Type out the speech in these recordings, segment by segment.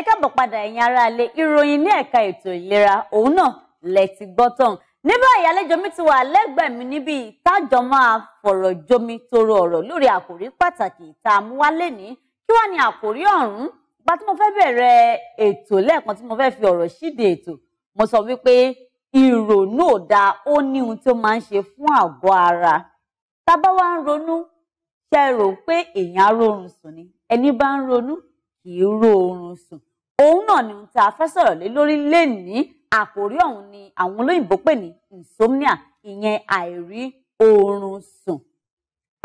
ẹ káàbọ̀ padà ẹ̀yin aráalé ìròyìn ní ẹ̀ka ètò ìlera òun náà lẹ ti gbọ́ tán ní báyìí àlejò mi ti wà lẹ́gbẹ̀ẹ́ mi níbi tájọ máa fọ̀rọ̀ jomi toro ọ̀rọ̀ lórí àkòrí pàtàkì tá a mú wá lénìí kí wàá ní àkòrí ọ̀hún gba tí mo fẹ́ bẹ̀rẹ̀ ètò lẹ́ẹ̀kan tí mo fẹ́ fi ọ̀rọ̀ síde ètò mo sọ wípé ìrònú ò dáa ó ní ohun tó máa ń ṣe fún àgọ́ ara tá wá ń ronú ṣe rò pé èèyàn á rórun sùn ni ẹni bá ń ronú kì í rórun sùn òun náà ni ohun tá a fẹ́ sọ̀rọ̀ lé lórí lénìí àkòrí ọ̀hún ni àwọn olóyìnbó pè ní insomnia ìyẹn àìrí oorun sùn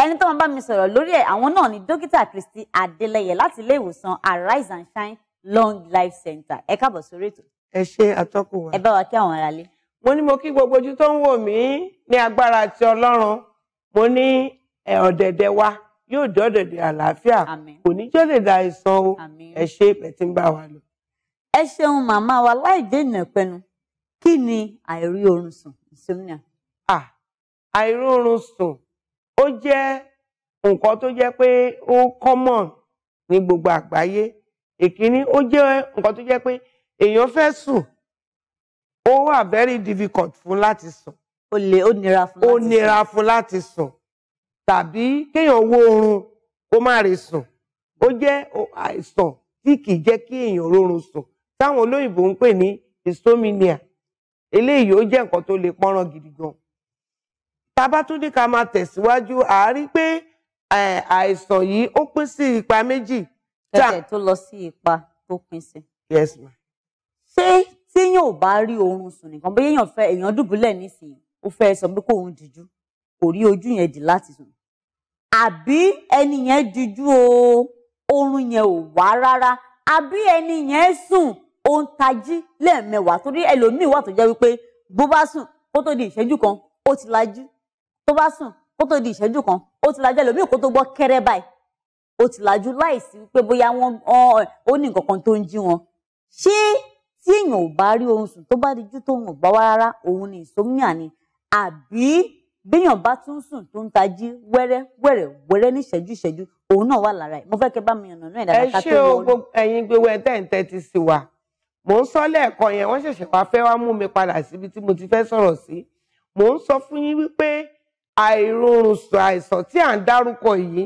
ẹni tó máa bá mi sọ̀rọ̀ lórí ẹ̀ àwọn náà ni dókítà Kristi Adélẹyẹ láti ilé ìwòsàn Arise and Shine Long Life Center ẹ káàbọ̀ sórí ètò. ẹ ṣe àtọkùn wa. ẹ bá wa kí àwọn aráalé. mo ní mo kí gbogbo ojú tó ń wò mí ní agbára àti Ọlọ́run mo ní ọ̀dẹ̀dẹ̀ wa yóò dọ́dẹ̀dẹ̀ àlàáfíà kò ní jọ́dẹ̀dẹ̀ àìsàn o ẹ ṣe bẹ̀tí ń bá wa lọ. ẹ ṣeun màmá wa láì dènà pẹnu kí ni àìrí oorun sùn insomnia. ah àìrí oorun sùn ó jẹ́ nǹkan tó jẹ́ pé ó common ní gbogbo àgbáyé èkíní ó jẹ́ nǹkan tó jẹ́ pé èèyàn fẹ́ sùn ó wà very difficult fún láti sùn. ó le ó nira fún láti sùn. ó nira fún láti sùn tàbí kéèyàn wo oorun kó má rí sùn ó jẹ́ àìsàn tí kì í jẹ́ kí èèyàn rórun sùn táwọn olóyìnbó ń pè ní insomnia eléyìí ó jẹ́ nǹkan tó lè pọ́nrán gidi gan. tá a bá tún ní ká máa tẹ̀síwájú à pé àìsàn yìí ó pín sí ipa méjì. tẹ̀tẹ̀ tó lọ sí ipa tó pín sí. yes ma. ṣé téèyàn ò bá rí oorun sùn nìkan bóyá èèyàn fẹ́ èèyàn dùbúlẹ̀ nísìnyí ó fẹ́ sọ pé kóun dìjú kò rí ojú yẹn dì láti sùn àbí ẹni yẹn dìjú oorun yẹn ò wá rárá àbí ẹni yẹn sùn ó ń tají lẹ́ẹ̀mẹwàá torí ẹlòmíì wà tó jẹ́ wípé bó bá sùn kó tó di ìṣẹ́jú kan ó ti lajú tó bá sùn kó tó di ìṣẹ́jú kan ó ti lajú ẹlòmíì kó tó gbọ́ kẹ́rẹ́ báyìí ó ti lajú láìsí wípé bóyá wọ́n ó ní nǹkan kan tó ń jí wọn ṣé tí èèyàn ò bá rí oorun sùn tó bá di jú tóun ò wá rárá òun ni insomnia ni àbí béèyàn bá tún sùn tó ń tají wẹ́rẹ́ wẹ́rẹ́ wẹ́rẹ́ ní ìṣẹ́jú ìṣẹ́jú òun náà wà lára ẹ̀ mo fẹ́ kẹ́ bá mi yànnà náà ìdàgbàsókè wọn. ẹ ṣé o gbogbo ẹ̀yin gbogbo ẹ tẹ́ ń tẹ́tí sí mò ń sọ lẹ́ẹ̀kan yẹn wọ́n ṣẹ̀ṣẹ̀ wá fẹ́ wá mú mi padà síbi tí mo ti fẹ́ sọ̀rọ̀ sí mò ń sọ fún yín wípé àìrórun sùn àìsàn tí à ń dárúkọ yìí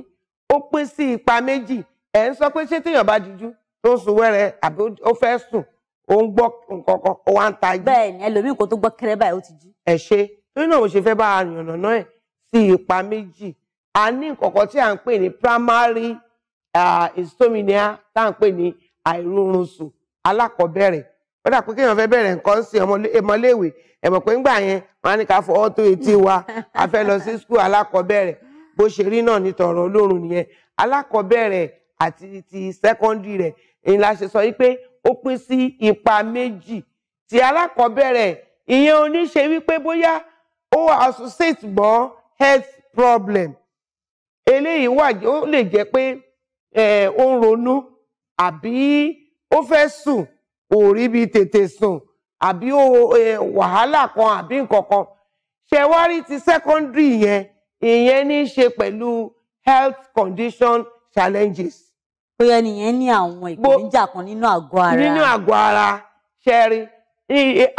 ó pín sí ipa méjì ẹ̀ ń sọ pé ṣé téèyàn bá dijú tó ń sùn wẹ́rẹ́ àbí ó fẹ́ sùn ó ń gbọ́ nǹkan kan ó wá ń tají. bẹ́ẹ̀ ni ẹlòmíì kò tó gbọ́ kẹrẹ báyìí ó ti jí. ẹ ṣe torí náà mo ṣe fẹ́ bá a náà ẹ̀ sí ipa méjì a ní nǹkan tí à ń pè ní primary uh, insomnia tá à ń pè ní àìrórun alákọ̀ọ́bẹ̀rẹ̀ ó dà pé kéèyàn fẹ́ bẹ̀rẹ̀ nǹkan sí ọmọléèwé ẹ̀mọ̀ pé ńgbà yẹn wọn á ní ká fọwọ́ tó etí wa a fẹ́ lọ sí skul alákọ̀ọ́bẹ̀rẹ̀ bó ṣe rí náà ní tọ̀rọ̀ Ọlọ́run nìyẹn alákọ̀ọ́bẹ̀rẹ̀ àti ti sẹ́kọ́ndì rẹ̀ èyí la ṣe sọ wípé ó pín sí ipa méjì ti alákọ̀ọ́bẹ̀rẹ̀ ìyẹn oníṣe wípé bóyá ó associate mọ́ health problem eléyìí wà ó lè jẹ́ pé ó ń ronú àbí ó fẹ́ sùn kò rí bí tètè sùn àbí wàhálà kan àbí nǹkan kan ṣe wá rí ti secondary yẹn ìyẹn ní í ṣe pẹ̀lú health condition challenges. bóyá nìyẹn ní àwọn ìpèníjà kan nínú àgọ́ ara nínú àgọ́ ara ṣẹ́rí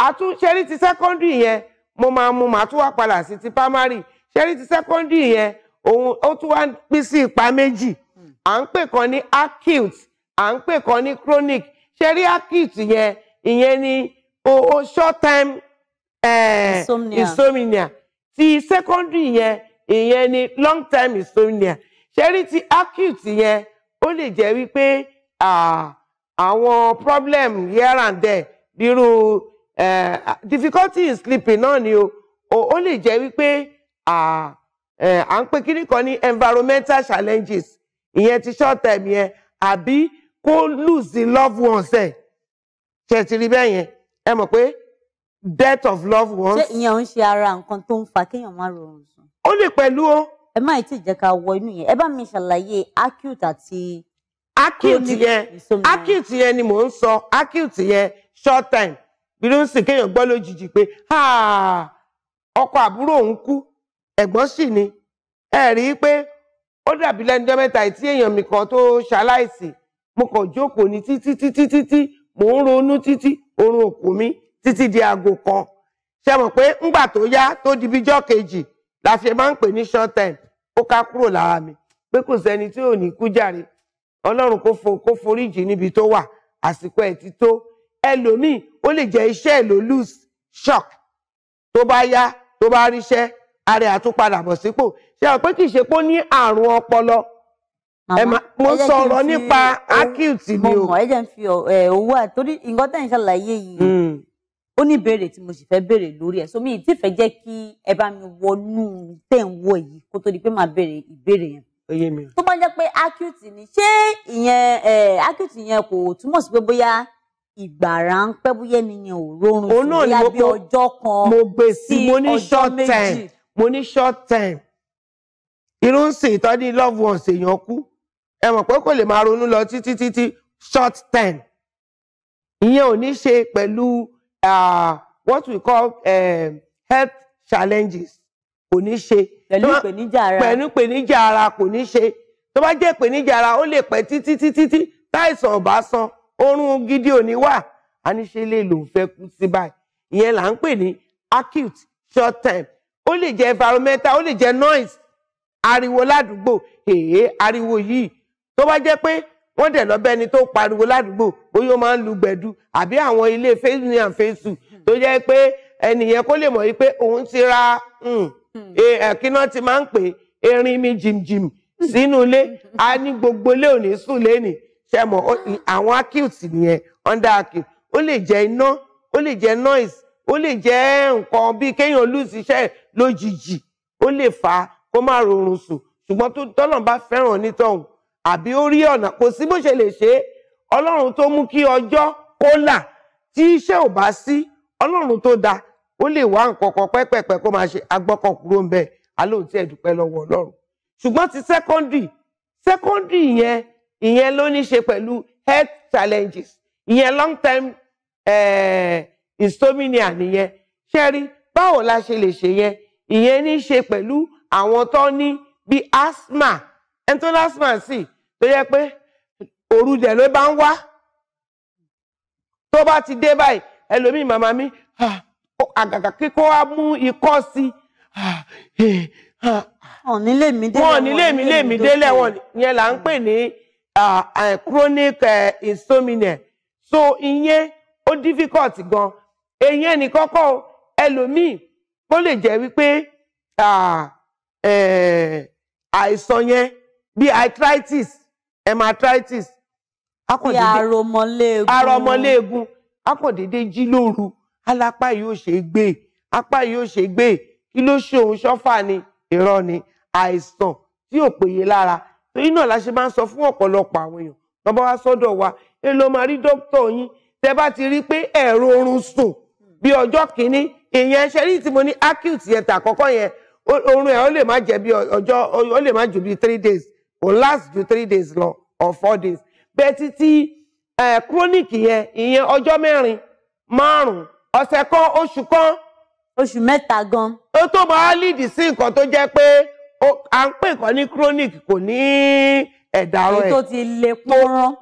àtúnṣẹ́rí ti secondary yẹn mo máa mú màá tún wá padà sí ti primary ṣẹ́rí ti secondary yẹn òun ó tún wá pín sí ipa méjì à ń pè kan ní acute à ń pè kan ní chronic ṣẹ̀rí acute yẹn ìyẹn ni o o short time eh, insomnia. insomnia ti secondary yẹn ìyẹn ni long time insomnia ṣẹ́rí ti acute yẹn ó lè jẹ́ wípé àwọn problem here and there bírú uh, difficulty in sleeping náà ni o ó lè jẹ́ wípé à ń pè kíní ní environmental challenges ìyẹn ti short term yẹn àbí kó lose the loved ones ẹ̀ ṣe ti rí bẹ́ẹ̀ yẹn ẹ mọ̀ pé death of loved ones. ṣé ìyẹn ò ń ṣe ara nǹkan tó ń fa kéèyàn má rọrùn sùn. ó lè pẹ̀lú o. ẹ má tí ì jẹ́ ká wọ inú yẹn ẹ bá mi ṣàlàyé acute àti. acute yẹn acute yẹn ni mò ń sọ acute yẹn short time bírú ń sìn kéèyàn gbọ́ lójijì pé ọkọ àbúrò òun kú ẹ̀gbọ́n sì ni ẹ rí i pé ó dàbí lẹ́nu jọ́ mẹ́ta tí èèyàn mi tó ṣaláìsí mo kàn jókòó ní títí títí títí mò ń ronú títí oorun òkú mi títí di aago kan ṣe mọ̀ pé ńgbà tó yá tó di bíjọ́ kejì la ṣe máa ń pè ní short time ó ká kúrò lára mi pé kò sẹ́ni tí ò ní kú jàre ọlọ́run kó foríjì níbi tó wà àsìkò ẹ̀ ti tó ẹlòmíì ó lè jẹ́ iṣẹ́ ẹ̀ ló lose shock tó bá yá tó bá ríṣẹ́ ara ẹ̀ àtúpadà bọ̀ sípò ṣe mọ̀ pé kì í ṣe pé ó ní àrùn ọpọlọ ẹ máa mo sọ̀rọ̀ nípa acute ni o. mo mọ̀ ẹ jẹ́ ń fi owó àtórí nǹkan tẹ́ ń ṣàlàyé yìí hmm. ó ní ìbéèrè tí mo sì fẹ́ béèrè lórí ẹ̀ so mi ti fẹ́ jẹ́ kí ẹ bá mi wọnú tẹ̀ ń wọ yìí kó tó di pé máa béèrè ìbéèrè yẹn. oyè mi. tó bá jẹ́ pé acute ni ṣé ìyẹn acute yẹn kò túmọ̀ sí pé bóyá ìgbà ráńpẹ́ bóyá ènìyàn ò rórun sí bóyá bí ọjọ́ kan sí ọjọ́ méjì. mo gbé mo ní short time mo ní short time irú ń sìn ìtọ́jú love ones èèyàn kú ẹ mọ̀ pé kò lè máa ronú lọ títí títí short term ìyẹn ò ní ṣe pẹ̀lú what we call um, health challenges kò ní ṣe pẹ̀lú ìpèníjà ara pẹ̀lú ìpèníjà ara kò ní ṣe tó bá jẹ́ ìpèníjà ara ó lè pẹ́ títí títí tí táìsàn ọ̀bá san oorun gidi ò wà á ní ṣe lè lòun fẹ́ kú sí báyìí ìyẹn là ń pè ní acute short term ó lè jẹ́ environmental ó lè jẹ́ noise ariwo ládùúgbò èé ariwo yìí tó bá jẹ́ pé wọ́n dẹ̀ lọ bẹ́ni tó pariwo ládùúgbò bóyá ó máa ń lu gbẹ̀du àbí àwọn ilé face ní and face two tó jẹ́ pé ẹnìyẹn kó lè mọ̀ wípé òun ti ra hmm, hmm. eh, eh, kíná ti máa ń pè erin mi jìmjìm sínú ilé a ní gbogbo ilé òní sùn lẹ́nìí ṣẹ́mọ̀ àwọn acute nìyẹn under acute ó lè jẹ́ iná ó lè jẹ́ noise ó lè jẹ́ nǹkan bíi kéèyàn lose iṣẹ́ lójijì ó lè fà á kó má rọrùn sùn ṣùgbọ́n tó tọ́lọ̀ bá fẹ́ràn onítọ̀hún àbí ó rí ọ̀nà kò sí bó ṣe lè ṣe é ọlọ́run tó mú kí ọjọ́ kó là tí iṣẹ́ ò bá sí ọlọ́run tó dáa ó lè wá nǹkan kan pẹ́pẹ́pẹ́ kó máa ṣe agbọ́kàn kúrò ń bẹ alóhùn tí ẹ dúpẹ́ lọ́wọ́ ọlọ́run ṣùgbọ́n ti secondary secondary yẹn ìyẹn ló ní ṣe pẹ̀lú health challenges ìyẹn long term eh, insomnia nìyẹn ṣẹ́rí báwo la ṣe lè ṣe yẹn ìyẹn ní ṣe pẹ̀lú àwọn tó ní bí asthma ẹni tó lásìmọ̀ sí tó yẹ pé òru dẹ̀ ló bá ń wá tó bá ti dé báyìí ẹlòmíì màmá mi àgàgà kíkó wá mú ikọ́ sí wọn ní lèmi lèmi délẹ̀ wọn yẹn là ń pè ní chronic eh, insomnia so ìyẹn ó difficult gan èyí ẹnì kọ́kọ́ ẹlòmíì kó lè jẹ́ wípé eh, àìsàn yẹn bí arthritis hemarthritis akọ̀dédé àrọ̀mọ́léegun àrọ̀mọ́léegun akọ̀dédé jí lóru alápá yìí ò ṣe gbé apá yìí ò ṣe gbé kí ló ṣe òun ṣọ́fà ni irọ́ ni àìsàn tí ò péye lára torí náà la ṣe máa ń sọ fún ọ̀pọ̀lọpọ̀ àwọn èèyàn bàbá wa sọ́dọ̀ wa ẹ lọ máa rí dókítà yín tẹ́ bá ti rí pé ẹ̀rọ oorun sùn bí ọjọ́ kìíní èèyàn ẹṣẹ rí tí mo ní acute yẹn tà kọ́kọ́ yẹn oorun ẹ̀ ó lè má jẹ́ bí ọjọ́ ó lè má jù bí three days kò last ju three days long or four days bẹ́ẹ̀ títí chronic yẹn ìyẹn ọjọ́ mẹ́rin márùn-ún ọ̀sẹ̀ kan oṣù kan. oṣù mẹ́ta gan. ó tó máa lead sí nǹkan tó jẹ́ pé à ń pè nǹkan ní chronic kò ní ẹ̀dá rẹ̀ èyí tó ti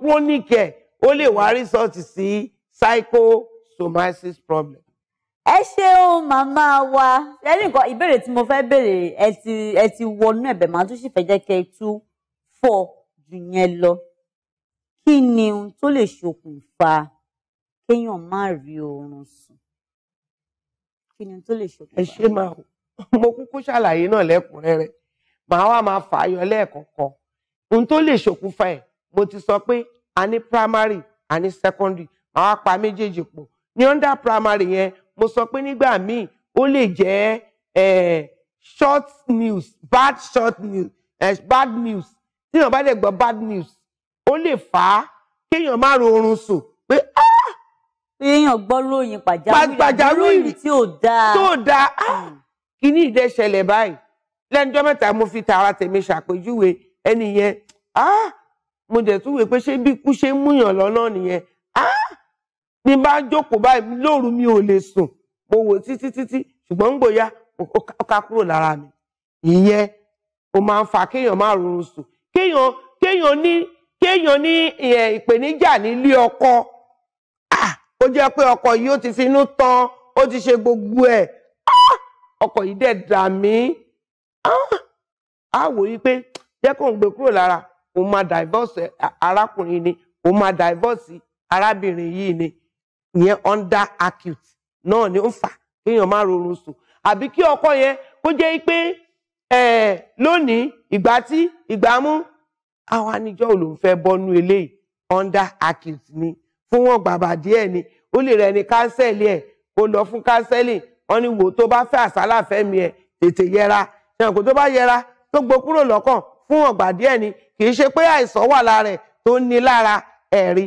chronic ẹ̀ ó lè wá result sí psychosomasis problem ẹ o mama wa ẹ ní nǹkan ìbéèrè tí mo fẹ́ béèrè ẹ ti wọnú ẹ̀bẹ̀ màá tún tu. fẹ́ jẹ́ kẹ́ ẹ tú pọ̀ jù yẹn lọ kí ni ohun tó lè ṣokùnfà kéèyàn má rí oorun sùn kí ni ohun tó lè ṣokùnfà. ẹ ṣe máa mo kúkú ṣàlàyé náà lẹ́kùnrẹ́rẹ́ màá wá máa fà á yọ lẹ́ẹ̀kọ̀ọ̀kan ohun tó lè ṣokùnfà ẹ̀ mo ti sọ pé a ní primary a ní secondary màá wá pa méjèèjì pọ̀ ní under primary yẹn mo sọ pé nígbà míì ó lè jẹ́ eh, short news bad short news eh, bad news téèyàn bá dẹ̀ gbọ́ bad news ó lè fà á kéèyàn má ro oorun sùn ah! pé èèyàn gbọ́ lóyìn pàjáwìrì tí ò dáa tó dáa ah! hmm. kíní ìdẹ́sẹ̀lẹ̀ báyìí lẹ́njọ́ mẹ́ta mo fi tara tèmi ṣàpèjúwe ẹni yẹn ah! mo dẹ̀ tún wèé pé ṣé bí ikú ṣe ń múyàn lọ́nà nìyẹn ní bá jókòó báyìí lóru mi ò lè sùn mo wò títí títí ṣùgbọ́n ń gbòya ó ká kúrò lára mi ìyẹn ó máa ń fa kéèyàn má rọrùn sùn kéèyàn kéèyàn ní kéèyàn ní ìpèníjà nílé ọkọ ah! ó jẹ́ pé ọkọ yìí ó ti finú tán ó ti ṣe gbogbo ẹ̀ ah! ọkọ yìí dẹ̀ dà mí á ah! wò yí pé jẹ́ kó ń gbé kúrò lára òun máa divorce arákùnrin ni òun máa divorce arábìnrin yìí ni ìyẹn under acute náà ni ó fà kéèyàn má rorun sùn àbí kí ọkọ yẹn kó jẹ́ pé lónìí ìgbà tí ìgbà mú àwọn anijọ́ ò ló ń fẹ́ bọ́nú eléyìí under acute ni fún wọn bàbà díẹ̀ ni ó lè rẹ ni kánsẹ́ẹ̀lì ẹ̀ kó lọ fún kánsẹ́ẹ̀lì wọn ni wò tó bá fẹ́ àsálà fẹ́mi ẹ̀ tètè yẹra ṣẹ̀wọ̀n kó tó bá yẹra tó gbó kúrò lọ́kàn fún ọ̀gbà díẹ̀ ni kì í ṣe pé àìsàn wà lára ẹ̀ tó ní lára ẹ̀rí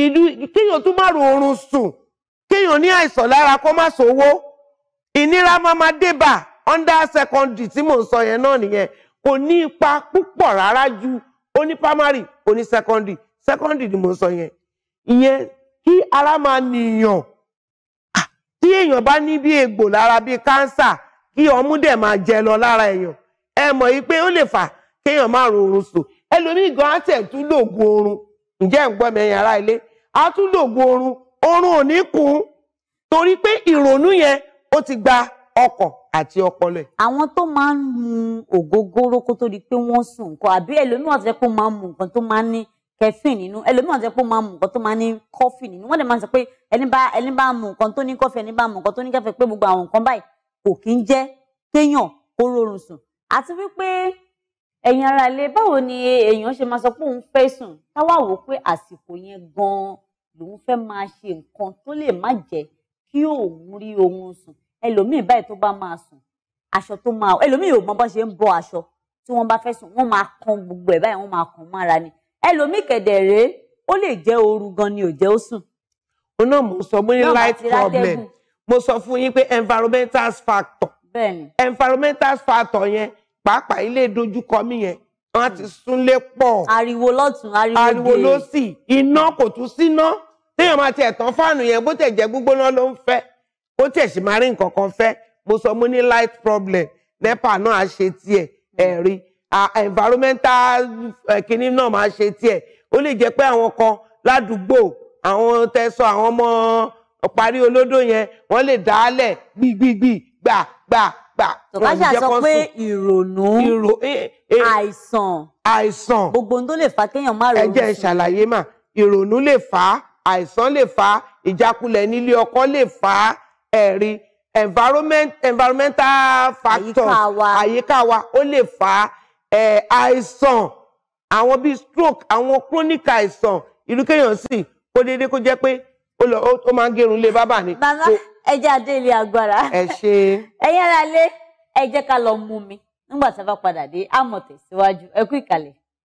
ìlú kéèyàn tún má ro oorun sùn kéèyàn ní àìsàn lára kó má sówó ìnira máa ma débà under secondary tí mò ń sọ yẹn náà nìyẹn kò ní ipa púpọ̀ rárá ju oní primary oní secondary secondary ni mo sọ yẹn ìyẹn kí ara máa nìyàn ah, tí èèyàn bá ní bí egbò lára bí kánsà kí ọmú dẹ̀ máa jẹ lọ lára èèyàn ẹ mọ̀ yìí pé ó lè fà kéèyàn má rorun sùn ẹlòmíì gan àtẹ̀ tún lògùn oorun ǹjẹ́ ń gbọ́ mi ẹ̀yin ilé a tún lògùn oorun oorun ò ní kún torí pé ìrònú yẹn ó ti gba ọkọ̀ àti ọpọlọ ẹ̀. àwọn tó máa ń mu ògógóró kó tó di pé wọ́n sùn nǹkan àbí ẹlòmíràn tẹ́ pé ó máa ń mu nǹkan tó máa ń ní kẹfìn nínú ẹlòmíràn tẹ́ pé ó máa ń mu nǹkan tó máa ń ní kọfì nínú wọ́n dẹ̀ máa ń sọ pé ẹni bá ẹni bá mu nǹkan tó ní kọfì ẹni bá mu nǹkan tó ní kẹfì pé gbogbo àwọn nǹkan báyìí kò kí ń jẹ́ kéèyàn kó rọrùn sùn àti wípé ẹ̀yin ara ilé báwo ni èèyàn ṣe máa sọ pé òun fẹ́ sùn táwa wò pé àsìkò yẹn gan-an lòun fẹ́ máa ṣe nǹkan tó lè má jẹ́ kí òun rí oorun sùn ẹlòmíì báyìí tó bá máa sùn aṣọ tó máa ẹlòmíì ò mọ bó ṣe ń bọ́ aṣọ tí wọ́n bá fẹ́ sùn wọ́n máa kan gbogbo ẹ̀ báyìí wọ́n máa kan mọ́ra ni ẹlòmíì kẹ̀dẹ̀ rèé ó lè jẹ́ ooru gan ni ò jẹ́ ó sùn. ó náà mo sọ mo ní light problem mo sọ fún yín pé environmental factor bẹ́ẹ̀ni environmental factor yẹn pàápàá ilé dojúkọ mi yẹn wọ́n ti súnlé pọ̀. ariwo lọ́tún ariwo dé ariwo lọ́sì iná kò tún síná téèyàn máa tiẹ̀ tán fáànù yẹn bó tẹ̀ jẹ́ gbígbóná ló ń fẹ́ ó tiẹ̀ sì máa rí nǹkan kan fẹ́ mo sọ mo ní light problem nepa náà á ṣe tiẹ̀ ẹ̀rí environmental kinní náà máa ṣe tiẹ̀ ó lè jẹ́ pé àwọn kan ládùúgbò àwọn tẹ̀sán àwọn ọmọ parí olódò yẹn wọ́n lè dálẹ̀ gbígbígbì gbà gbà gbà. tọ́kájà sọ pé ìrònú àìsàn àìsàn gbogbo ohun tó lè fà kéèyàn má ronú. ẹ jẹ́ ìṣàlàyé mà ìrònú lè fà á àìsàn lè fà á ìjákulẹ̀ nílé ọkọ lè fà ẹ̀rí environment environmental factors àyíká wa ó lè fa àìsàn àwọn bíi stroke àwọn chronic àìsàn ìlú kéèyàn sì kó déédéé kó jẹ́ pé ó máa ń gẹrun lé bábà ni. bàbá ẹ jẹ́ adé ilé agbára. ẹ ṣe. ẹ yára lé ẹ jẹ́ ká lọ mú mi nígbà tí a bá padà dé àmọ̀ ẹ kú ìkàlẹ̀.